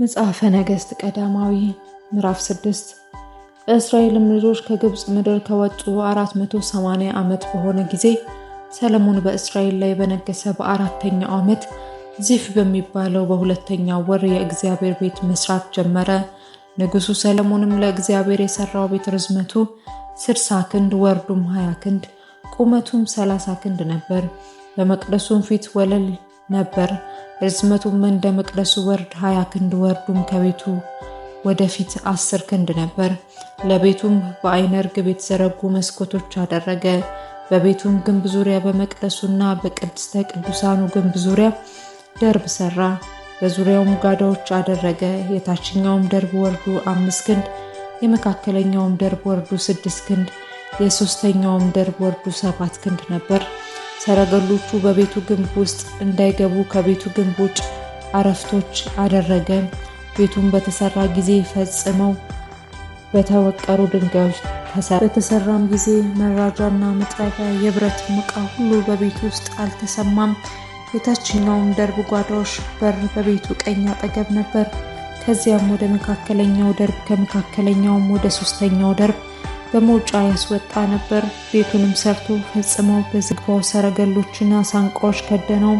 መጽሐፈ ነገሥት ቀዳማዊ ምዕራፍ ስድስት በእስራኤልም ልጆች ከግብፅ ምድር ከወጡ 480 ዓመት በሆነ ጊዜ ሰለሞን በእስራኤል ላይ በነገሰ በአራተኛው ዓመት ዚፍ በሚባለው በሁለተኛው ወር የእግዚአብሔር ቤት መስራት ጀመረ። ንጉሱ ሰለሞንም ለእግዚአብሔር የሰራው ቤት ርዝመቱ 60 ክንድ ወርዱም 20 ክንድ ቁመቱም ሰላሳ ክንድ ነበር። በመቅደሱም ፊት ወለል ነበር። ርዝመቱም እንደ መቅደሱ ወርድ ሀያ ክንድ ወርዱም ከቤቱ ወደፊት አስር ክንድ ነበር። ለቤቱም በአይነ ርግብ የተዘረጉ መስኮቶች አደረገ። በቤቱም ግንብ ዙሪያ በመቅደሱና በቅድስተ ቅዱሳኑ ግንብ ዙሪያ ደርብ ሰራ። በዙሪያውም ጓዳዎች አደረገ። የታችኛውም ደርብ ወርዱ አምስት ክንድ፣ የመካከለኛውም ደርብ ወርዱ ስድስት ክንድ፣ የሶስተኛውም ደርብ ወርዱ ሰባት ክንድ ነበር። ሰረገሎቹ በቤቱ ግንብ ውስጥ እንዳይገቡ ከቤቱ ግንብ ውጭ አረፍቶች አደረገ። ቤቱን በተሰራ ጊዜ ፈጽመው በተወቀሩ ድንጋዮች ተሰራ። በተሰራም ጊዜ መራጃና መጥረቢያ፣ የብረት ዕቃ ሁሉ በቤቱ ውስጥ አልተሰማም። የታችኛውም ደርብ ጓዳዎች በር በቤቱ ቀኝ አጠገብ ነበር። ከዚያም ወደ መካከለኛው ደርብ ከመካከለኛውም ወደ ሶስተኛው ደርብ በመውጫ ያስወጣ ነበር። ቤቱንም ሰርቶ ፈጽመው በዝግባው ሰረገሎችና ሳንቃዎች ከደነው።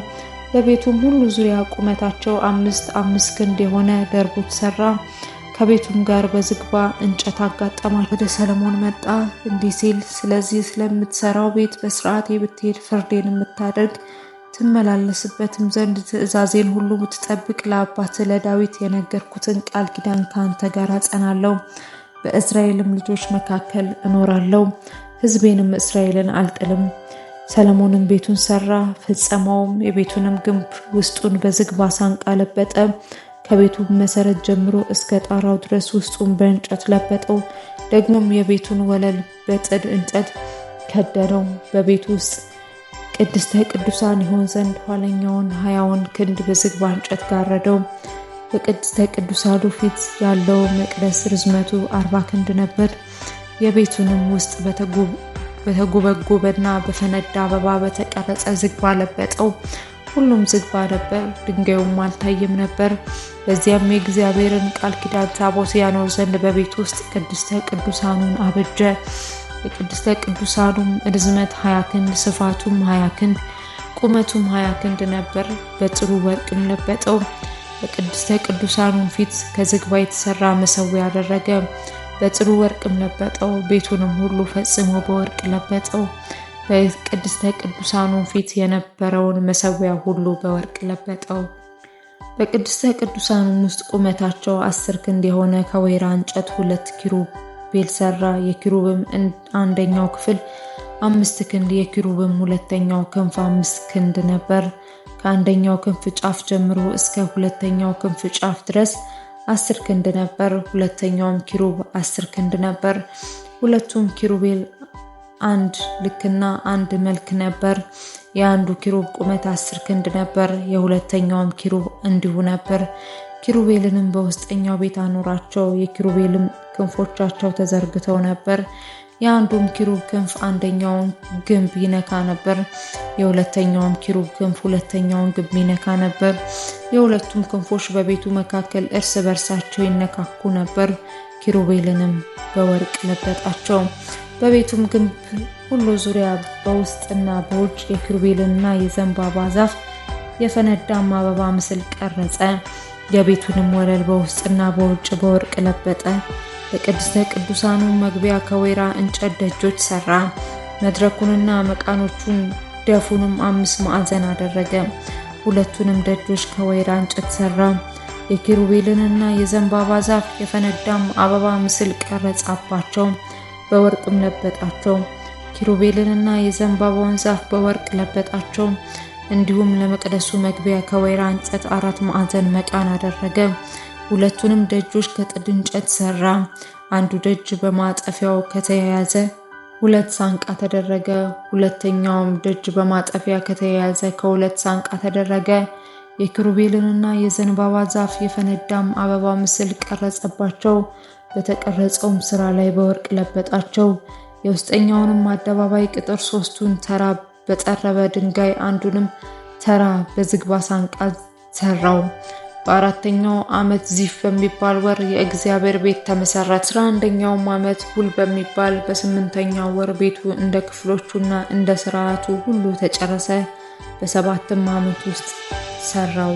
በቤቱም ሁሉ ዙሪያ ቁመታቸው አምስት አምስት ክንድ የሆነ ደርቦች ሰራ። ከቤቱም ጋር በዝግባ እንጨት አጋጠማል። ወደ ሰለሞን መጣ እንዲህ ሲል፣ ስለዚህ ስለምትሰራው ቤት በስርዓቴ ብትሄድ ፍርዴን የምታደርግ ትመላለስበትም ዘንድ ትእዛዜን ሁሉ ብትጠብቅ ለአባት ለዳዊት የነገርኩትን ቃል ኪዳን ከአንተ ጋር አጸናለሁ። በእስራኤልም ልጆች መካከል እኖራለሁ፣ ሕዝቤንም እስራኤልን አልጥልም። ሰለሞንም ቤቱን ሰራ፣ ፈጸመውም። የቤቱንም ግንብ ውስጡን በዝግባ ሳንቃ ለበጠ። ከቤቱ መሰረት ጀምሮ እስከ ጣራው ድረስ ውስጡን በእንጨት ለበጠው። ደግሞም የቤቱን ወለል በጥድ እንጨት ከደነው። በቤቱ ውስጥ ቅድስተ ቅዱሳን ይሆን ዘንድ ኋለኛውን ሀያውን ክንድ በዝግባ እንጨት ጋረደው። በቅድስተ ቅዱሳኑ ፊት ያለው መቅደስ ርዝመቱ አርባ ክንድ ነበር። የቤቱንም ውስጥ በተጎበጎበና በፈነዳ አበባ በተቀረጸ ዝግባ ለበጠው። ሁሉም ዝግባ ነበር፣ ድንጋዩም አልታየም ነበር። በዚያም የእግዚአብሔርን ቃል ኪዳን ታቦት ያኖር ዘንድ በቤት ውስጥ ቅድስተ ቅዱሳኑን አበጀ። የቅድስተ ቅዱሳኑም ርዝመት ሀያ ክንድ ስፋቱም ሀያ ክንድ ቁመቱም ሀያ ክንድ ነበር። በጥሩ ወርቅም ለበጠው። በቅድስተ ቅዱሳኑን ፊት ከዝግባ የተሰራ መሰዊያ አደረገ። በጥሩ ወርቅም ለበጠው። ቤቱንም ሁሉ ፈጽሞ በወርቅ ለበጠው። በቅድስተ ቅዱሳኑን ፊት የነበረውን መሰዊያ ሁሉ በወርቅ ለበጠው። በቅድስተ ቅዱሳኑም ውስጥ ቁመታቸው አስር ክንድ የሆነ ከወይራ እንጨት ሁለት ኪሩቤል ሰራ። የኪሩብም አንደኛው ክፍል አምስት ክንድ የኪሩብም ሁለተኛው ክንፍ አምስት ክንድ ነበር። ከአንደኛው ክንፍ ጫፍ ጀምሮ እስከ ሁለተኛው ክንፍ ጫፍ ድረስ አስር ክንድ ነበር። ሁለተኛውም ኪሩብ አስር ክንድ ነበር። ሁለቱም ኪሩቤል አንድ ልክና አንድ መልክ ነበር። የአንዱ ኪሩብ ቁመት አስር ክንድ ነበር። የሁለተኛውም ኪሩብ እንዲሁ ነበር። ኪሩቤልንም በውስጠኛው ቤት አኖራቸው። የኪሩቤልም ክንፎቻቸው ተዘርግተው ነበር። የአንዱም ኪሩብ ክንፍ አንደኛውን ግንብ ይነካ ነበር፣ የሁለተኛውም ኪሩብ ክንፍ ሁለተኛውን ግንብ ይነካ ነበር። የሁለቱም ክንፎች በቤቱ መካከል እርስ በርሳቸው ይነካኩ ነበር። ኪሩቤልንም በወርቅ ለበጣቸው። በቤቱም ግንብ ሁሉ ዙሪያ በውስጥና በውጭ የኪሩቤልንና የዘንባባ ዛፍ የፈነዳም አበባ ምስል ቀረጸ። የቤቱንም ወለል በውስጥና በውጭ በወርቅ ለበጠ። በቅድስተ ቅዱሳኑ መግቢያ ከወይራ እንጨት ደጆች ሰራ። መድረኩንና መቃኖቹን ደፉንም አምስት ማዕዘን አደረገ። ሁለቱንም ደጆች ከወይራ እንጨት ሰራ። የኪሩቤልንና የዘንባባ ዛፍ የፈነዳም አበባ ምስል ቀረጻባቸው፣ በወርቅም ለበጣቸው። ኪሩቤልንና የዘንባባውን ዛፍ በወርቅ ለበጣቸው። እንዲሁም ለመቅደሱ መግቢያ ከወይራ እንጨት አራት ማዕዘን መቃን አደረገ። ሁለቱንም ደጆች ከጥድ እንጨት ሰራ። አንዱ ደጅ በማጠፊያው ከተያያዘ ሁለት ሳንቃ ተደረገ። ሁለተኛውም ደጅ በማጠፊያ ከተያያዘ ከሁለት ሳንቃ ተደረገ። የኪሩቤልንና የዘንባባ ዛፍ የፈነዳም አበባ ምስል ቀረጸባቸው። በተቀረጸውም ስራ ላይ በወርቅ ለበጣቸው። የውስጠኛውንም አደባባይ ቅጥር ሶስቱን ተራ በጠረበ ድንጋይ አንዱንም ተራ በዝግባ ሳንቃ ሰራው። በአራተኛው ዓመት ዚፍ በሚባል ወር የእግዚአብሔር ቤት ተመሰረተ። አስራ አንደኛውም ዓመት ሁል በሚባል በስምንተኛው ወር ቤቱ እንደ ክፍሎቹና እንደ ስርዓቱ ሁሉ ተጨረሰ። በሰባትም ዓመት ውስጥ ሰራው።